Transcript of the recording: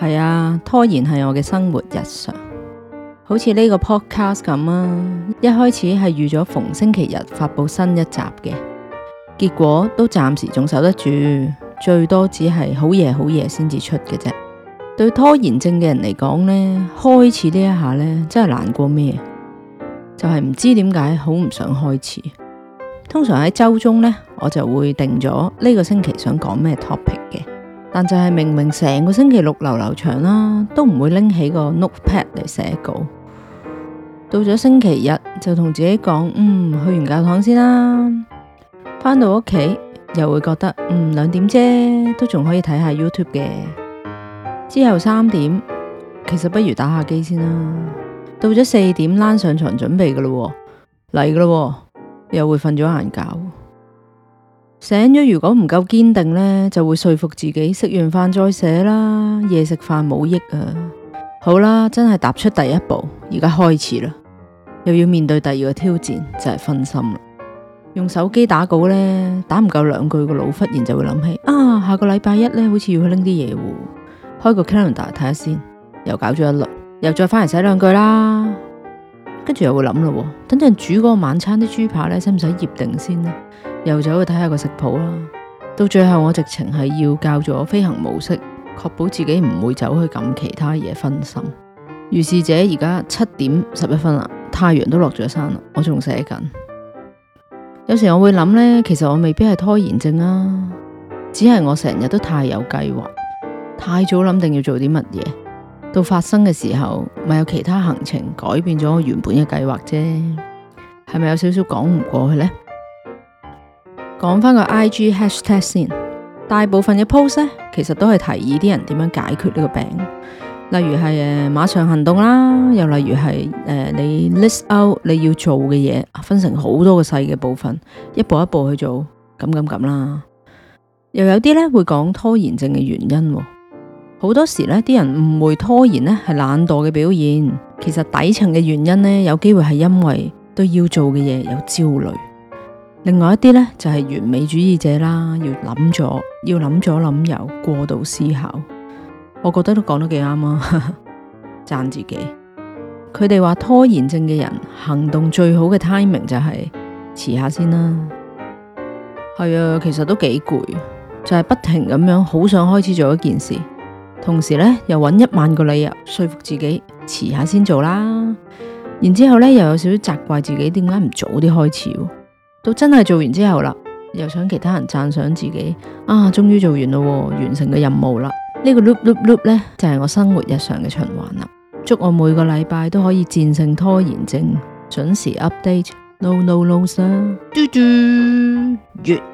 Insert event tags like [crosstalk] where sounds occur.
係啊，拖延係我嘅生活日常，好似呢個 podcast 咁啊。一開始係預咗逢星期日發佈新一集嘅，結果都暫時仲守得住，最多只係好夜好夜先至出嘅啫。對拖延症嘅人嚟講呢，開始呢一下呢，真係難過咩？就係、是、唔知點解好唔想開始。通常喺周中呢，我就會定咗呢個星期想講咩 topic。但就係明明成個星期六流流長啦、啊，都唔會拎起個 note pad 嚟寫稿。到咗星期日就同自己講，嗯，去完教堂先啦。返到屋企又會覺得，嗯，兩點啫，都仲可以睇下 YouTube 嘅。之後三點其實不如打下機先啦。到咗四點，躝上床準備㗎喇，嚟㗎喇，又會瞓咗晏覺。醒咗，如果唔夠堅定呢，就會說服自己食完飯再寫啦，夜食飯冇益啊。好啦，真係踏出第一步，而家開始啦，又要面對第二個挑戰，就係分心啦。用手機打稿呢，打唔夠兩句個腦忽然就會諗起啊，下個禮拜一呢，好似要去拎啲嘢喎，開個 calendar 睇下先，又搞咗一輪，又再翻嚟寫兩句啦，跟住又會諗咯，等陣煮嗰個晚餐啲豬扒呢，使唔使醃定先呢？」又走去睇下個食譜啦，到最後我直情係要教咗飛行模式，確保自己唔會走去撳其他嘢，分心。如是者，而家七點十一分啦，太陽都落咗山啦，我仲寫緊。有時我會諗咧，其實我未必係拖延症啊，只係我成日都太有計劃，太早諗定要做啲乜嘢，到發生嘅時候咪有其他行程改變咗我原本嘅計劃啫，係咪有少少講唔過去呢？講返個 I G hashtag 先，大部分嘅 post 呢，其實都係提議啲人點樣解決呢個病，例如係誒馬上行動啦，又例如係誒、呃、你 list out 你要做嘅嘢，分成好多個細嘅部分，一步一步去做，咁咁咁啦。又有啲咧會講拖延症嘅原因喎，好多時咧啲人誤會拖延咧係懶惰嘅表現，其實底層嘅原因咧，有機會係因為對要做嘅嘢有焦慮。另外一啲呢就係、是、完美主義者啦，要諗咗，要諗咗諗又過度思考，我覺得都講得幾啱啊，讚自己。佢哋話拖延症嘅人行動最好嘅 timing 就係、是、遲下先啦。係啊，其實都幾攰，就係、是、不停咁樣好想開始做一件事，同時呢，又揾一萬個理由說服自己遲下先做啦。然之後呢又有少少責怪自己，點解唔早啲開始、啊？到真係做完之後啦，又想其他人讚賞自己啊！終於做完咯，完成嘅任務啦。呢、這個 loop loop loop 咧，就係、是、我生活日常嘅循環啦。祝我每個禮拜都可以戰勝拖延症，準時 update，no no no Sir，嘟嘟嘟。 [music] yeah.